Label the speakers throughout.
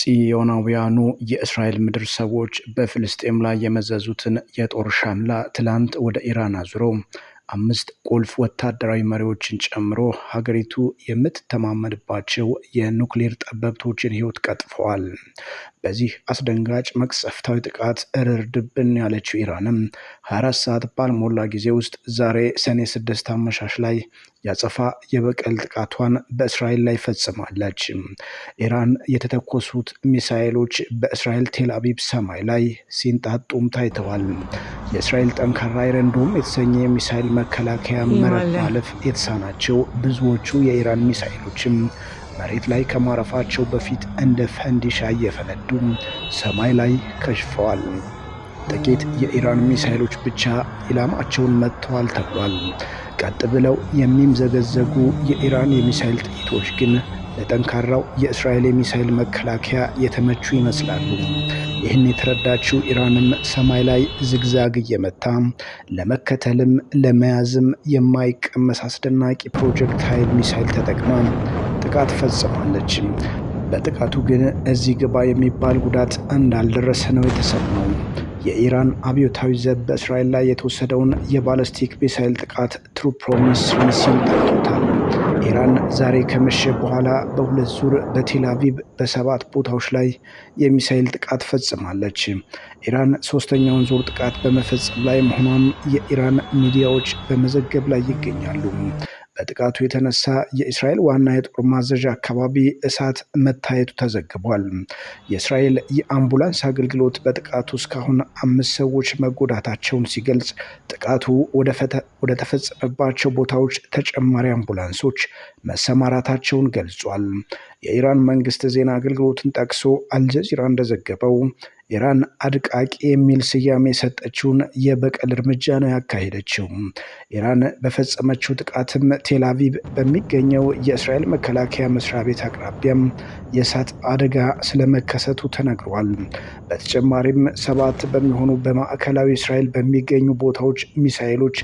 Speaker 1: ጽዮናውያኑ የእስራኤል ምድር ሰዎች በፍልስጤም ላይ የመዘዙትን የጦር ሻምላ ትላንት ወደ ኢራን አዙረው አምስት ቁልፍ ወታደራዊ መሪዎችን ጨምሮ ሀገሪቱ የምትተማመንባቸው የኑክሌር ጠበብቶችን ሕይወት ቀጥፈዋል። በዚህ አስደንጋጭ መቅሰፍታዊ ጥቃት እርር ድብን ያለችው ኢራንም 24 ሰዓት ባልሞላ ጊዜ ውስጥ ዛሬ ሰኔ ስድስት አመሻሽ ላይ ያጸፋ የበቀል ጥቃቷን በእስራኤል ላይ ፈጽማለች። ኢራን የተተኮሱት ሚሳኤሎች በእስራኤል ቴል አቪቭ ሰማይ ላይ ሲንጣጡም ታይተዋል። የእስራኤል ጠንካራ አይረንዶም የተሰኘ የሚሳይል መከላከያ መረብ ማለፍ የተሳናቸው ብዙዎቹ የኢራን ሚሳይሎችም መሬት ላይ ከማረፋቸው በፊት እንደ ፈንዲሻ እየፈነዱ ሰማይ ላይ ከሽፈዋል። ጥቂት የኢራን ሚሳይሎች ብቻ ኢላማቸውን መጥተዋል ተብሏል። ቀጥ ብለው የሚምዘገዘጉ የኢራን የሚሳይል ጥይቶች ግን ለጠንካራው የእስራኤል የሚሳይል መከላከያ የተመቹ ይመስላሉ። ይህን የተረዳችው ኢራንም ሰማይ ላይ ዝግዛግ እየመታ ለመከተልም ለመያዝም የማይቀመስ አስደናቂ ፕሮጀክት ኃይል ሚሳይል ተጠቅማ ጥቃት ፈጽማለች። በጥቃቱ ግን እዚህ ግባ የሚባል ጉዳት እንዳልደረሰ ነው የተሰማው። የኢራን አብዮታዊ ዘብ በእስራኤል ላይ የተወሰደውን የባለስቲክ ሚሳይል ጥቃት ትሩ ፕሮሚስ ሚሲል ጠርቶታል። ኢራን ዛሬ ከመሸ በኋላ በሁለት ዙር በቴል አቪቭ በሰባት ቦታዎች ላይ የሚሳይል ጥቃት ፈጽማለች። ኢራን ሶስተኛውን ዙር ጥቃት በመፈጸም ላይ መሆኗም የኢራን ሚዲያዎች በመዘገብ ላይ ይገኛሉ። በጥቃቱ የተነሳ የእስራኤል ዋና የጦር ማዘዣ አካባቢ እሳት መታየቱ ተዘግቧል። የእስራኤል የአምቡላንስ አገልግሎት በጥቃቱ እስካሁን አምስት ሰዎች መጎዳታቸውን ሲገልጽ ጥቃቱ ወደ ተፈጸመባቸው ቦታዎች ተጨማሪ አምቡላንሶች መሰማራታቸውን ገልጿል። የኢራን መንግስት ዜና አገልግሎትን ጠቅሶ አልጀዚራ እንደዘገበው ኢራን አድቃቂ የሚል ስያሜ የሰጠችውን የበቀል እርምጃ ነው ያካሄደችው። ኢራን በፈጸመችው ጥቃትም ቴላቪቭ በሚገኘው የእስራኤል መከላከያ መስሪያ ቤት አቅራቢያም የእሳት አደጋ ስለመከሰቱ ተነግሯል። በተጨማሪም ሰባት በሚሆኑ በማዕከላዊ እስራኤል በሚገኙ ቦታዎች ሚሳኤሎች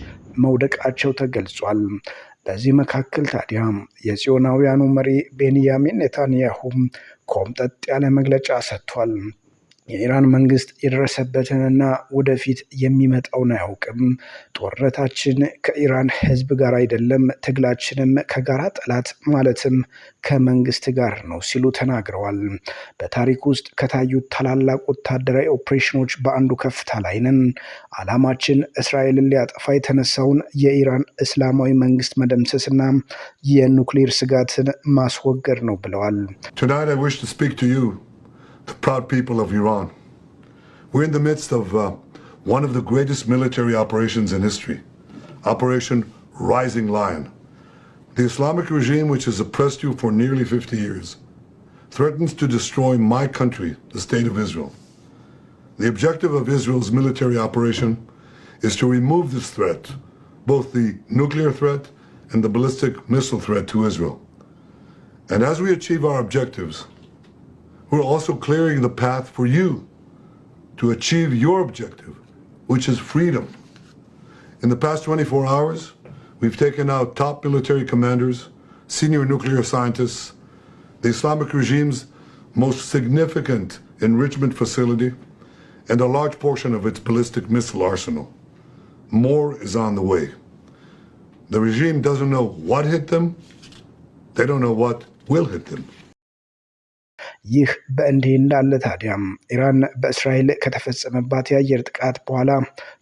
Speaker 1: መውደቃቸው ተገልጿል። በዚህ መካከል ታዲያ የጽዮናውያኑ መሪ ቤንያሚን ኔታንያሁ ኮምጠጥ ያለ መግለጫ ሰጥቷል። የኢራን መንግስት የደረሰበትንና ወደፊት የሚመጣውን አያውቅም። ጦርነታችን ከኢራን ህዝብ ጋር አይደለም፣ ትግላችንም ከጋራ ጠላት ማለትም ከመንግስት ጋር ነው ሲሉ ተናግረዋል። በታሪክ ውስጥ ከታዩት ታላላቅ ወታደራዊ ኦፕሬሽኖች በአንዱ ከፍታ ላይ ነን። እስራኤልን ሊያጠፋ የተነሳውን የኢራን እስላማዊ መንግስት መደምሰስና የኑክሌር ስጋትን ማስወገድ ነው ብለዋል።
Speaker 2: the proud people of Iran. We're in the midst of uh, one of the greatest military operations in history, Operation Rising Lion. The Islamic regime, which has oppressed you for nearly 50 years, threatens to destroy my country, the State of Israel. The objective of Israel's military operation is to remove this threat, both the nuclear threat and the ballistic missile threat to Israel. And as we achieve our objectives, we're also clearing the path for you to achieve your objective, which is freedom. In the past 24 hours, we've taken out top military commanders, senior nuclear scientists, the Islamic regime's most significant enrichment facility, and a large portion of its ballistic missile arsenal. More is on the way. The regime doesn't know what hit them. They don't know what will hit them.
Speaker 1: ይህ በእንዲህ እንዳለ ታዲያም ኢራን በእስራኤል ከተፈጸመባት የአየር ጥቃት በኋላ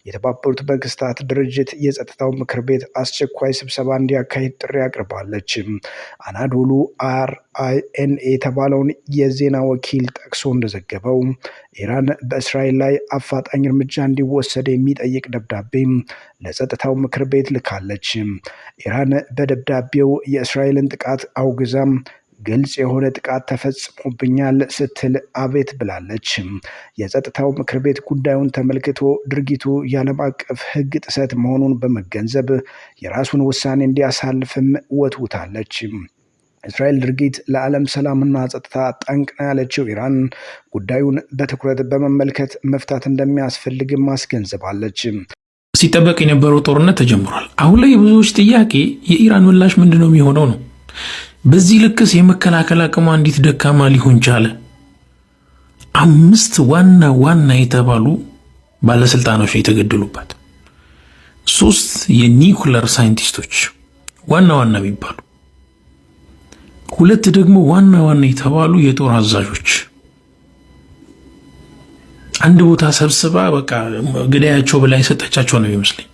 Speaker 1: የተባበሩት መንግስታት ድርጅት የጸጥታው ምክር ቤት አስቸኳይ ስብሰባ እንዲያካሂድ ጥሪ አቅርባለች። አናዶሉ አር አይ ኤን የተባለውን የዜና ወኪል ጠቅሶ እንደዘገበው ኢራን በእስራኤል ላይ አፋጣኝ እርምጃ እንዲወሰድ የሚጠይቅ ደብዳቤ ለጸጥታው ምክር ቤት ልካለች። ኢራን በደብዳቤው የእስራኤልን ጥቃት አውግዛም ግልጽ የሆነ ጥቃት ተፈጽሞብኛል ስትል አቤት ብላለች። የጸጥታው ምክር ቤት ጉዳዩን ተመልክቶ ድርጊቱ የዓለም አቀፍ ሕግ ጥሰት መሆኑን በመገንዘብ የራሱን ውሳኔ እንዲያሳልፍም ወትውታለች። እስራኤል ድርጊት ለዓለም ሰላምና ጸጥታ ጠንቅ ነው ያለችው ኢራን ጉዳዩን በትኩረት በመመልከት መፍታት እንደሚያስፈልግም አስገንዝባለች።
Speaker 3: ሲጠበቅ የነበረው ጦርነት ተጀምሯል። አሁን ላይ የብዙዎች ጥያቄ የኢራን ምላሽ ምንድነው የሚሆነው ነው። በዚህ ልክስ የመከላከል አቅሟ እንዴት ደካማ ሊሆን ቻለ? አምስት ዋና ዋና የተባሉ ባለስልጣኖች የተገደሉባት፣ ሶስት የኒኩለር ሳይንቲስቶች ዋና ዋና የሚባሉ ሁለት ደግሞ ዋና ዋና የተባሉ የጦር አዛዦች አንድ ቦታ ሰብስባ በቃ ግዳያቸው ብላ የሰጠቻቸው ነው ይመስለኝ።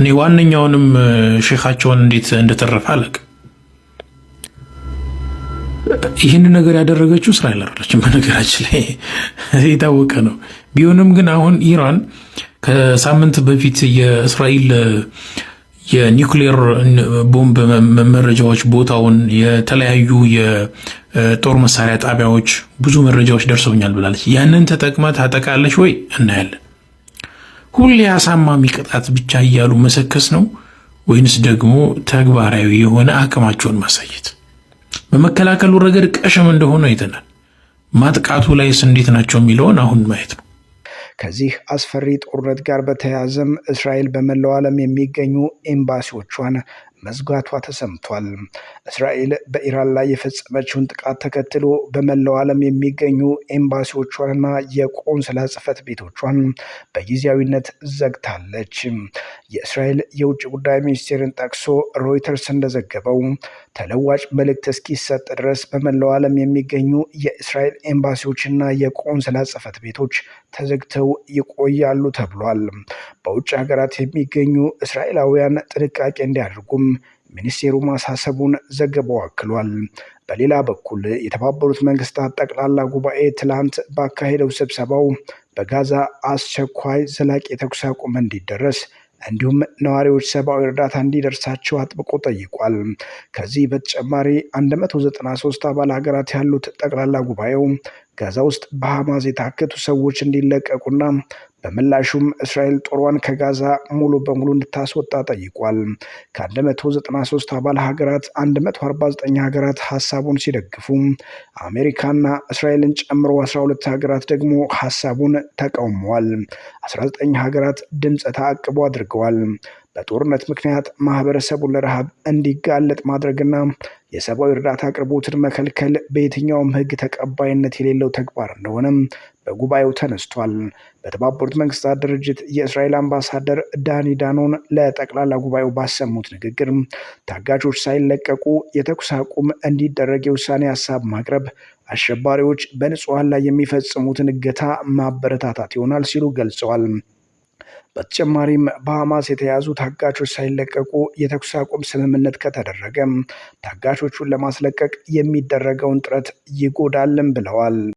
Speaker 3: እኔ ዋነኛውንም ሼካቸውን እንዴት እንደተረፈ አላውቅም። ይህን ነገር ያደረገችው እስራኤል አይደለችም። በነገራችን ላይ የታወቀ ነው። ቢሆንም ግን አሁን ኢራን ከሳምንት በፊት የእስራኤል የኒውክሌር ቦምብ መረጃዎች ቦታውን፣ የተለያዩ የጦር መሳሪያ ጣቢያዎች ብዙ መረጃዎች ደርሰውኛል ብላለች። ያንን ተጠቅማ ታጠቃለች ወይ እናያለን። ሁሌ አሳማሚ ቅጣት ብቻ እያሉ መሰከስ ነው ወይንስ ደግሞ ተግባራዊ የሆነ አቅማቸውን ማሳየት በመከላከሉ ረገድ ቀሸም እንደሆነ አይተናል። ማጥቃቱ ላይስ እንዴት ናቸው የሚለውን አሁን ማየት ነው።
Speaker 1: ከዚህ አስፈሪ ጦርነት ጋር በተያያዘም እስራኤል በመላው ዓለም የሚገኙ ኤምባሲዎቿን መዝጋቷ ተሰምቷል። እስራኤል በኢራን ላይ የፈጸመችውን ጥቃት ተከትሎ በመላው ዓለም የሚገኙ ኤምባሲዎቿንና የቆንስላ ጽህፈት ቤቶቿን በጊዜያዊነት ዘግታለች። የእስራኤል የውጭ ጉዳይ ሚኒስቴርን ጠቅሶ ሮይተርስ እንደዘገበው ተለዋጭ መልእክት እስኪሰጥ ድረስ በመላው ዓለም የሚገኙ የእስራኤል ኤምባሲዎችና የቆንስላ ጽፈት ቤቶች ተዘግተው ይቆያሉ ተብሏል። በውጭ ሀገራት የሚገኙ እስራኤላውያን ጥንቃቄ እንዲያደርጉም ሚኒስቴሩ ማሳሰቡን ዘገባው አክሏል። በሌላ በኩል የተባበሩት መንግስታት ጠቅላላ ጉባኤ ትላንት ባካሄደው ስብሰባው በጋዛ አስቸኳይ ዘላቂ የተኩስ አቁም እንዲደረስ እንዲሁም ነዋሪዎች ሰብአዊ እርዳታ እንዲደርሳቸው አጥብቆ ጠይቋል። ከዚህ በተጨማሪ 193 አባል ሀገራት ያሉት ጠቅላላ ጉባኤው ጋዛ ውስጥ በሐማስ የታከቱ ሰዎች እንዲለቀቁና በምላሹም እስራኤል ጦሯን ከጋዛ ሙሉ በሙሉ እንድታስወጣ ጠይቋል። ከ193 አባል ሀገራት 149 ሀገራት ሀሳቡን ሲደግፉ አሜሪካና እስራኤልን ጨምሮ 12 ሀገራት ደግሞ ሀሳቡን ተቃውመዋል። 19 ሀገራት ድምፀ ተአቅቦ አድርገዋል። በጦርነት ምክንያት ማህበረሰቡን ለረሃብ እንዲጋለጥ ማድረግና የሰብአዊ እርዳታ አቅርቦትን መከልከል በየትኛውም ሕግ ተቀባይነት የሌለው ተግባር እንደሆነም በጉባኤው ተነስቷል። በተባበሩት መንግስታት ድርጅት የእስራኤል አምባሳደር ዳኒ ዳኖን ለጠቅላላ ጉባኤው ባሰሙት ንግግር ታጋቾች ሳይለቀቁ የተኩስ አቁም እንዲደረግ የውሳኔ ሀሳብ ማቅረብ አሸባሪዎች በንጹሐን ላይ የሚፈጽሙትን እገታ ማበረታታት ይሆናል ሲሉ ገልጸዋል። በተጨማሪም በሐማስ የተያዙ ታጋቾች ሳይለቀቁ የተኩስ አቁም ስምምነት ከተደረገም ታጋቾቹን ለማስለቀቅ የሚደረገውን ጥረት ይጎዳልም ብለዋል።